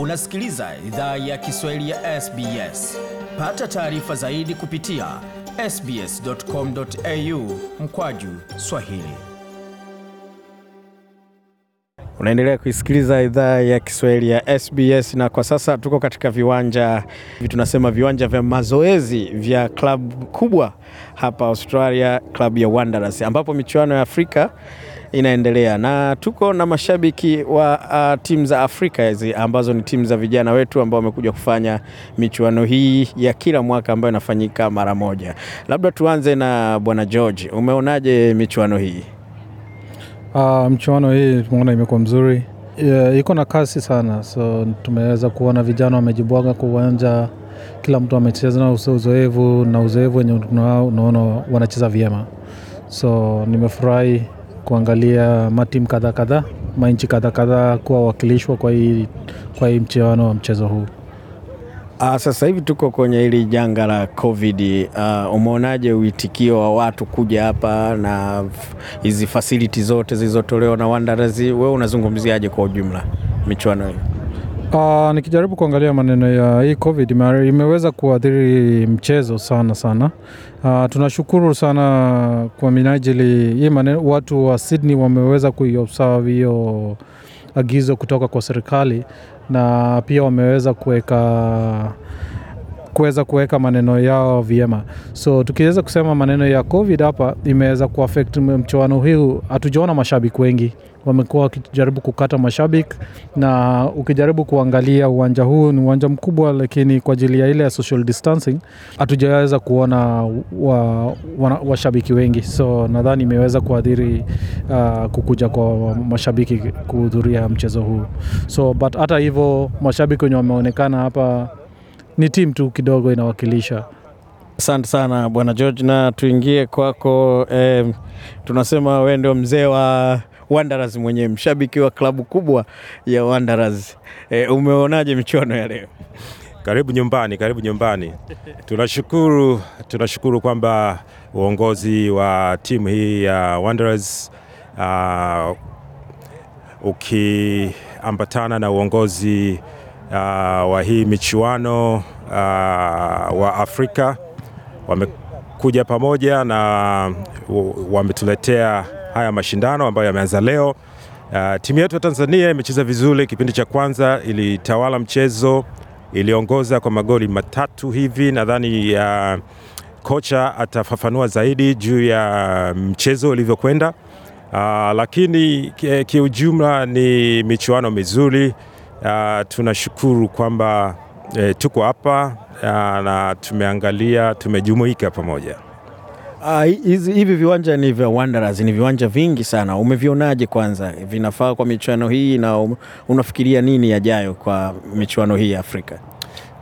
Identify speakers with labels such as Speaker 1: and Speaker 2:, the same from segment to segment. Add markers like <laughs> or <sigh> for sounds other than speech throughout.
Speaker 1: Unasikiliza idhaa ya Kiswahili ya SBS. Pata taarifa zaidi kupitia sbs.com.au mkwaju swahili. Unaendelea kuisikiliza idhaa ya Kiswahili ya SBS na kwa sasa tuko katika viwanja hivi, tunasema viwanja vya mazoezi vya klabu kubwa hapa Australia, klabu ya Wanderers ambapo michuano ya Afrika inaendelea na tuko na mashabiki wa uh, timu za Afrika hizi ambazo ni timu za vijana wetu ambao wamekuja kufanya michuano hii ya kila mwaka ambayo inafanyika mara moja. Labda tuanze na Bwana George, umeonaje michuano hii?
Speaker 2: Uh, ah, mchuano hii tumeona imekuwa mzuri, yeah, iko na kasi sana, so tumeweza kuona vijana wamejibwaga kwa uwanja, kila mtu amecheza na uzoevu na uzoevu wenye unaona wanacheza vyema, so nimefurahi kuangalia matimu kadha kadha manchi kadha kadha kuwa wakilishwa kwa hii, kwa hii mcheano wa mchezo huu.
Speaker 1: Uh, sasa hivi tuko kwenye hili janga la COVID. Uh, umeonaje uitikio wa watu kuja hapa na hizi facility zote zilizotolewa na Wanderers? Wewe unazungumziaje kwa ujumla michuano hii?
Speaker 2: Uh, nikijaribu kuangalia maneno ya hii COVID imeweza kuathiri mchezo sana sana. Uh, tunashukuru sana kwa minajili hii maneno, watu wa Sydney wameweza kuiobserve hiyo agizo kutoka kwa serikali na pia wameweza kuweka kuweza kuweka maneno yao vyema. So tukiweza kusema maneno ya COVID hapa imeweza kuaffect mchuano huu, hatujaona mashabiki wengi wamekuwa wakijaribu kukata mashabiki, na ukijaribu kuangalia uwanja huu ni uwanja mkubwa, lakini kwa ajili ya ile ya social distancing hatujaweza kuona washabiki wa, wa wengi, so nadhani imeweza kuadhiri uh, kukuja kwa mashabiki kuhudhuria mchezo huu. So but hata hivyo mashabiki wenye wameonekana hapa ni timu tu kidogo inawakilisha.
Speaker 1: Asante sana bwana George, na tuingie kwako. Eh, tunasema wewe ndio mzee wa Wanderers mwenyewe, mshabiki wa klabu
Speaker 3: kubwa ya Wanderers. Eh, umeonaje michuano ya leo? Karibu nyumbani, karibu nyumbani. <laughs> Tunashukuru, tunashukuru kwamba uongozi wa timu hii ya Wanderers uh, ukiambatana na uongozi uh, wa hii michuano uh, wa Afrika wamekuja pamoja na wametuletea haya mashindano ambayo yameanza leo. Uh, timu yetu ya Tanzania imecheza vizuri kipindi cha kwanza, ilitawala mchezo, iliongoza kwa magoli matatu hivi. Nadhani uh, kocha atafafanua zaidi juu ya mchezo ulivyokwenda. Uh, lakini kiujumla ni michuano mizuri. Uh, tunashukuru kwamba E, tuko hapa ah, na tumeangalia, tumejumuika pamoja.
Speaker 1: Ah, hivi viwanja ni vya Wanderers, ni viwanja vingi sana. Umevionaje kwanza, vinafaa kwa michuano hii na um, unafikiria nini yajayo kwa michuano hii ya Afrika?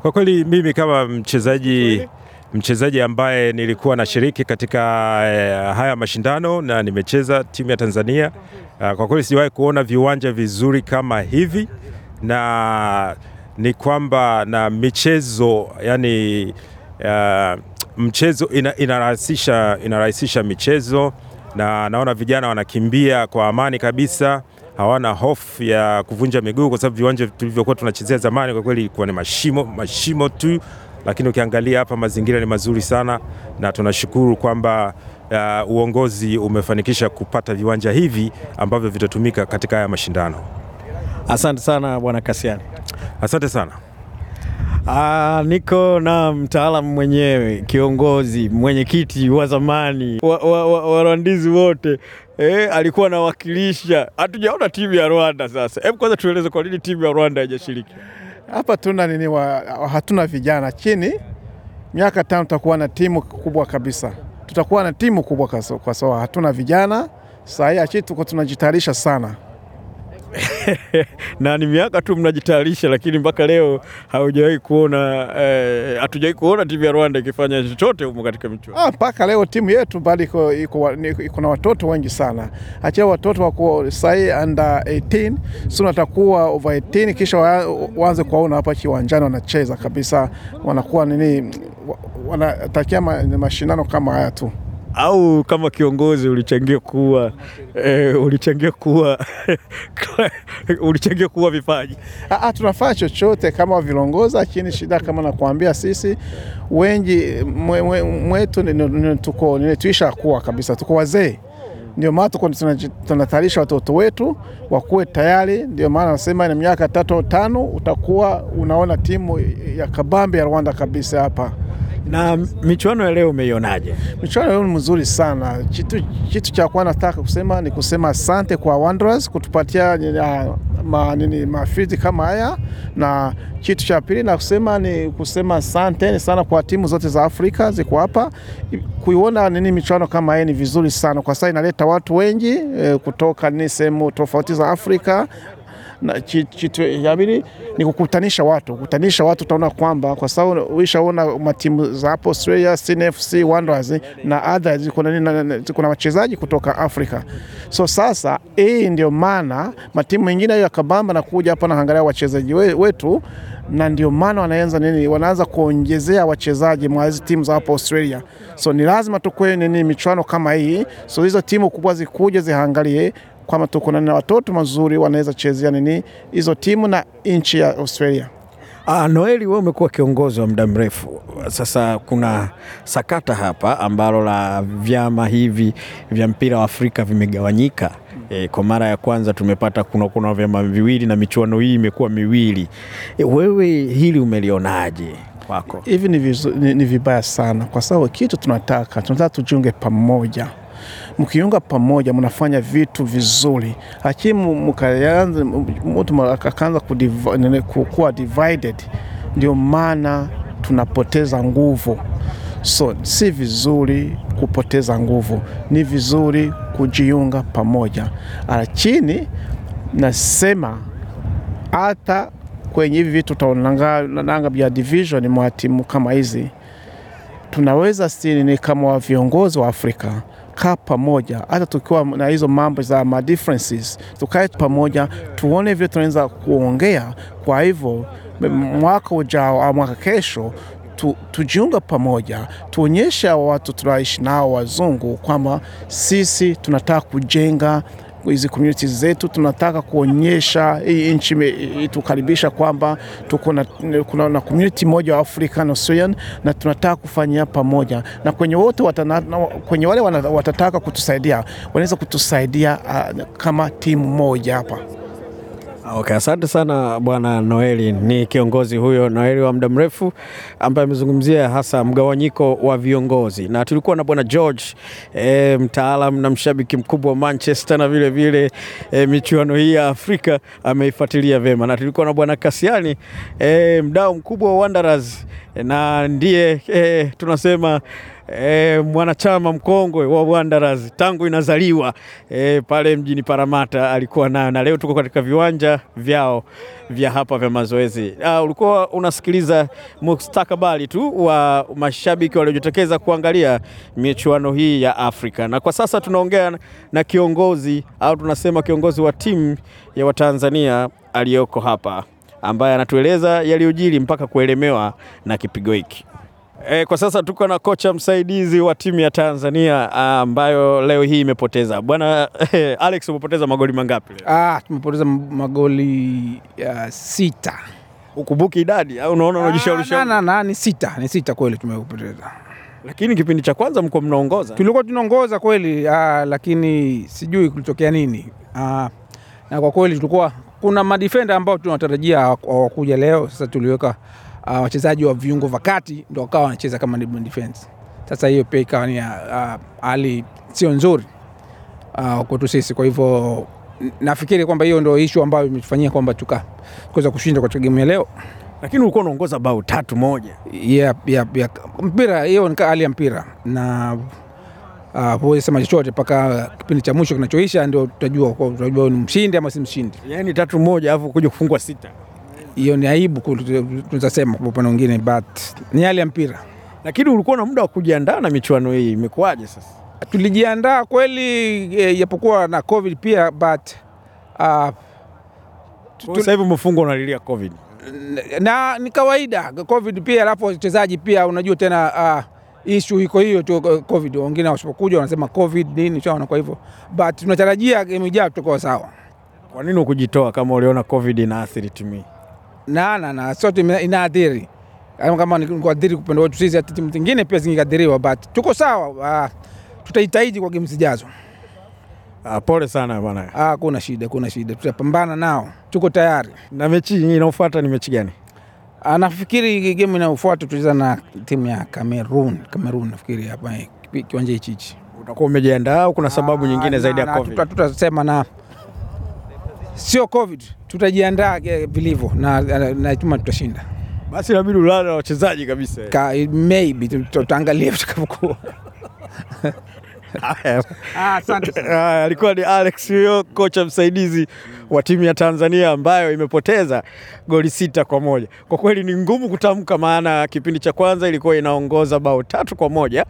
Speaker 3: Kwa kweli mimi kama mchezaji mchezaji ambaye nilikuwa nashiriki katika eh, haya mashindano na nimecheza timu ya Tanzania uh, kwa kweli sijawahi kuona viwanja vizuri kama hivi na ni kwamba na michezo yani, uh, mchezo inarahisisha inarahisisha michezo, na naona vijana wanakimbia kwa amani kabisa, hawana hofu ya kuvunja miguu, kwa sababu viwanja tulivyokuwa tunachezea zamani kwa kweli ilikuwa ni mashimo mashimo tu, lakini ukiangalia hapa mazingira ni mazuri sana, na tunashukuru kwamba uh, uongozi umefanikisha kupata viwanja hivi ambavyo vitatumika katika haya mashindano. Asante sana bwana Kasiani. Asante sana. Aa, ah, niko
Speaker 1: na mtaalamu mwenyewe, kiongozi, mwenyekiti wa zamani warandizi wa, wa, wa wote eh, alikuwa anawakilisha. Hatujaona timu ya Rwanda sasa. Hebu kwanza tueleze kwa nini timu ya Rwanda haijashiriki
Speaker 4: hapa? Tuna nini wa, hatuna vijana chini miaka tano tutakuwa na timu kubwa kabisa, tutakuwa na timu kubwa kwa sababu hatuna vijana. sahii hii tuko tunajitayarisha sana.
Speaker 1: <laughs> na ni miaka tu mnajitayarisha, lakini mpaka leo haujawahi kuona hatujawahi eh, kuona timu ya Rwanda ikifanya chochote humo katika michuano
Speaker 4: ah, mpaka ah, leo. Timu yetu bali iko, iko, na watoto wengi sana, achia watoto wako sai under 18 sio, watakuwa over 18 kisha waanze kuwaona hapa kiwanjani wanacheza kabisa, wanakuwa nini, wanatakia mashindano kama haya tu
Speaker 1: au kama kiongozi ulichangia kuwa eh, ulichangia kuwa <laughs>
Speaker 4: ulichangia kuwa vipaji? Ah, tunafanya chochote kama vilongozi, lakini shida kama nakwambia, sisi wengi mwetu tuko tuisha kuwa kabisa, tuko wazee ndio maana tuko tunatayarisha watoto wetu wakuwe tayari. Ndio maana nasema ni miaka tatu tano utakuwa unaona timu ya kabambe ya Rwanda kabisa hapa. Na michuano ya leo umeionaje? Michuano leo ni mzuri sana. Kitu kitu cha kwanza nataka kusema ni kusema asante kwa Wanderers kutupatia eh, ma, nini mafiti kama haya, na kitu cha pili na kusema ni kusema asante sana kwa timu zote za Afrika ziko hapa kuiona nini michuano kama hii ni vizuri sana kwa sababu inaleta watu wengi e, kutoka ni sehemu tofauti za Afrika na kitu ya yamini ni kukutanisha watu, kukutanisha watu. Utaona kwamba kwa sababu ulishaona matimu za hapo Australia, CNFC Wanderers na others, kuna kuna wachezaji kutoka Afrika. So sasa hii ndio maana matimu mengine ya kabamba na kuja hapa na angalia wachezaji wetu, na ndio maana wanaanza nini, wanaanza kuongezea wachezaji mwa hizi timu za hapo Australia. So ni lazima tukue nini michuano kama hii, so hizo timu kubwa zikuje zihangalie kwamba tuko na watoto mazuri wanaweza chezea nini hizo timu na nchi ya Australia.
Speaker 1: Ah, Noeli, wewe umekuwa kiongozi wa muda mrefu sasa. Kuna sakata hapa ambalo la vyama hivi vya mpira wa Afrika vimegawanyika. E, kwa mara ya kwanza tumepata kuna kuna vyama viwili na michuano hii imekuwa miwili. E, wewe hili umelionaje? Wako
Speaker 4: hivi ni, ni vibaya sana, kwa sababu kitu tunataka tunataka tujiunge pamoja mkiunga pamoja mnafanya vitu vizuri, lakini mkaanza mtu akaanza kuwa divided, ndio maana tunapoteza nguvu. So si vizuri kupoteza nguvu, ni vizuri kujiunga pamoja. Lakini nasema hata kwenye hivi vitu taonanga vya division mwa timu kama hizi tunaweza sini, ni kama viongozi wa Afrika tukakaa pamoja, hata tukiwa na hizo mambo za ma differences, tukae pamoja, tuone vile tunaweza kuongea. Kwa hivyo mwaka ujao au mwaka kesho tu, tujiunga pamoja, tuonyesha watu tunaishi nao wazungu kwamba sisi tunataka kujenga hizi communities zetu, tunataka kuonyesha hii nchi itukaribisha kwamba tuko na, kuna, na community moja wa African Australian na tunataka kufanya pamoja na kwenye wote watana, kwenye wale watataka kutusaidia wanaweza kutusaidia uh, kama timu moja hapa.
Speaker 1: Okay, asante sana bwana Noeli. Ni kiongozi huyo Noeli wa muda mrefu ambaye amezungumzia hasa mgawanyiko wa viongozi, na tulikuwa na bwana George e, mtaalam na mshabiki mkubwa wa Manchester na vile vile e, michuano hii ya Afrika ameifuatilia vema, na tulikuwa na bwana Kasiani e, mdau mkubwa wa Wanderers na ndiye e, tunasema e, mwanachama mkongwe wa Wanderers tangu inazaliwa e, pale mjini Paramata alikuwa nayo, na leo tuko katika viwanja vyao vya hapa vya mazoezi. Ah, ulikuwa unasikiliza mustakabali tu wa mashabiki waliojitokeza kuangalia michuano hii ya Afrika, na kwa sasa tunaongea na kiongozi au tunasema kiongozi wa timu ya Watanzania aliyoko hapa ambaye anatueleza yaliyojiri mpaka kuelemewa na kipigo hiki. E, kwa sasa tuko na kocha msaidizi wa timu ya Tanzania ah, ambayo leo hii imepoteza bwana. Eh, Alex, umepoteza magoli mangapi
Speaker 5: leo? Ah, tumepoteza magoli ya sita. Ukumbuki idadi au unaona unajishaurisha? Ah, na, na, ni sita, ni sita kweli tumepoteza, lakini kipindi cha kwanza mko mnaongoza. Tulikuwa tunaongoza kweli, aa, ah, lakini sijui kulitokea nini Aa, na kwa kweli tulikuwa kuna madefender ambao tunatarajia hawakuja leo, sasa tuliweka uh, wachezaji wa viungo vya kati ndio wakawa wanacheza kama deep defense. Sasa hiyo pia ikawa ni ah, ah, hali uh, sio nzuri uh, kwetu sisi, kwa hivyo nafikiri kwamba hiyo ndio issue ambayo imetufanyia kwamba tukaweza kushinda katika game ya leo, lakini ulikuwa unaongoza bao tatu moja. Yeah, yeah, yeah. Mpira hiyo ni hali ya mpira na Uh, sema chochote mpaka kipindi cha mwisho kinachoisha, ndio tutajua tutajua ni mshindi ama si mshindi. Yani tatu moja, alafu kuja kufungwa sita hiyo ni aibu, tunasema kwa upande mwingine, but ni hali ya mpira. Lakini ulikuwa na muda wa kujiandaa na michuano hii, imekuwaje sasa? Tulijiandaa kweli, e, japokuwa e, na covid pia, but uh, sasa hivi mfungo unalilia covid na, ni kawaida covid pia, alafu wachezaji pia unajua tena uh, ishu iko hiyo tu covid, wengine wasipokuja wanasema covid nini chao, na Kwa hivyo but tunatarajia game ijayo tutakuwa sawa. Kwa nini ukujitoa kama uliona covid inaathiri timu? hii? na na na sote inaadhiri kama ni kuadhiri kupenda wetu sisi, hata timu zingine pia zingekadhiriwa, but tuko sawa. Uh, ah, tutahitaji kwa game zijazo. Ah, pole sana bwana. Ah, kuna shida, kuna shida, tutapambana nao, tuko tayari. Na mechi inayofuata ni mechi gani? Ah, nafikiri game inayofuata tutacheza na timu ya Cameroon. Cameroon nafikiri hapa kiwanja hichi hichi. Utakuwa umejiandaa au kuna sababu ah, nyingine zaidi ya COVID? Tutasema na sio Covid, tutajiandaa vilivyo na, na, na chuma tutashinda. Basi inabidi ulale na wachezaji kabisa. Ka, maybe tutaangalia tutakavyokuwa. Ah,
Speaker 1: ah, alikuwa ni Alex huyo kocha msaidizi wa timu ya Tanzania ambayo imepoteza goli sita kwa moja. Kwa kweli ni ngumu kutamka, maana kipindi cha kwanza ilikuwa inaongoza bao tatu kwa moja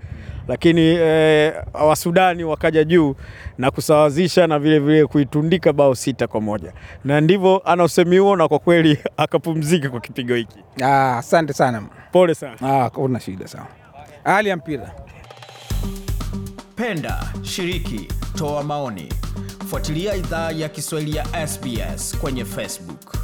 Speaker 1: lakini eh, Wasudani wakaja juu na kusawazisha na vilevile vile kuitundika bao sita kwa moja, na ndivyo
Speaker 5: ana usemi huo, na kwa kweli <laughs> akapumzika kwa kipigo hiki. Ah, asante ah, sana, pole sana, ah, una shida sana. Hali ya mpira. Penda,
Speaker 1: shiriki, toa maoni, fuatilia idhaa ya Kiswahili ya SBS kwenye Facebook.